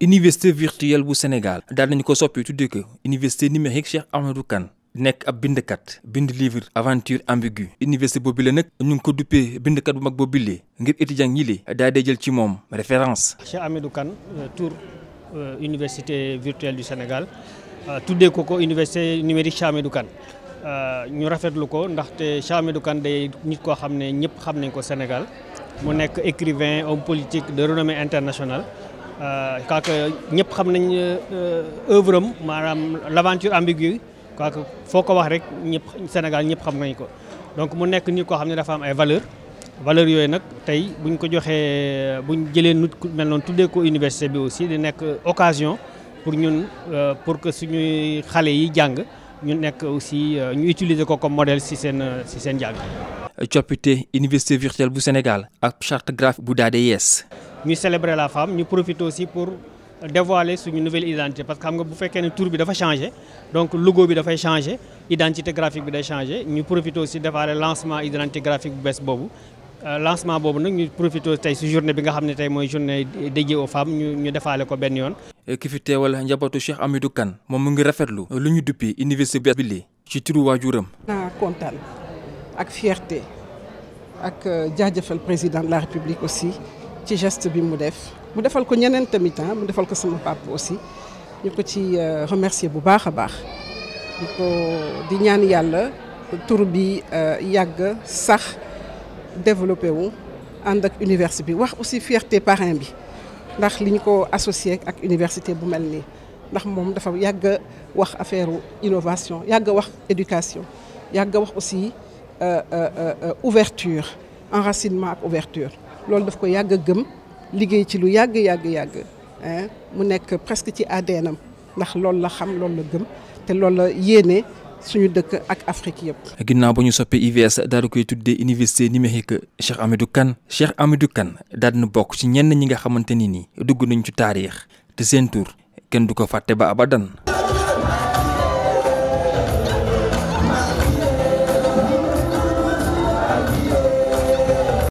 université virtuelle bu Sénégal daal nañu ko soppi tuddee ko université numérique Cheikh Ahmadou Kane nekk ab bindkat bind livre aventure ambiguë université boobu la nag ñu ngi ko duppee bindkat bu mag boobu lee ngir étudiant yi lee daal di jël ci moom référence. Cheikh Ahmadou Kane euh, tour euh, université virtuelle du Sénégal euh, tuddee ko ko université numérique Cheikh Ahmadou Kane ñu rafetlu ko ndaxte Cheikh Ahmadou Kane day nit koo xam ne ñëpp xam nañ ko Sénégal mu nekk écrivain homme politique de renommée internationale. je euh, crois ñëpp xam nañ euh, œuvre am maanaam l' aventure ambiguë que foo ko wax rek ñëpp Sénégal ñëpp xam ngañ ko donc mu nekk nii koo xam ne dafa am ay valeur valeur yooyu nag tey buñ ko joxee buñ jëlee nut ku mel noonu tuddee ko université bi aussi di nekk occasion pour ñun euh, pour que suñuy xale yi jàng ñu nekk aussi ñu utiliser ko comme modèle si seen si seen jàng. coppite université virtuelle bu Sénégal ak charte graphique bu daade yees. ñuy célébrer la femme ñu profite aussi pour dévoiler suñu nouvelle identité parce que xam nga bu fekkee ne tour bi dafa changé donc logo bi dafay changé identité graphique bi day changé ñu profite aussi defaale lancement identité graphique bu bees boobu euh, lancement boobu nag ñu profité tey si journée bi nga xam ne tey mooy journée dédiée o femmes ñu defaale ko benn yoon. Euh, ki fi teewal njabootu Cheikh Hamidou kan moom mu ngi rafetlu. lu ñu duppee université bi lii ci turu waajuram. naa kontaan ak fierté ak euh, jaajëfal président de la république aussi. ci geste bi mu def mu defal ko ñeneen tamit ah, mu defal ko sama papa aussi ñu ko ci euh, remercier bu baax a baax di ko di ñaan yàlla tur bi euh, yàgg sax développé wu ànd ak université bi wax aussi fierté parrain bi ndax li ñu ko associé ak université bu mel nii ndax moom dafa yàgg wax affaire innovation yàgg wax éducation yàgg wax aussi euh, ouverture enracinement ak ouverture loolu daf ko yàgg gëm liggéey ci lu yàgg yàgg yàgg mu nekk presque ci ADN ndax loolu la xam lool la gëm te loolu la yéene suñu dëkk ak Afrique yëpp. ginnaaw ba ñu soppee IVS daal di koy tuddee université numérique Cheikh Hamidou Kane Cheikh Hamidou Kane daal di na bokk ci ñenn ñi nga xamante ni nii dugg nañ ci taarix te seen tur kenn du ko fàtte ba abadan.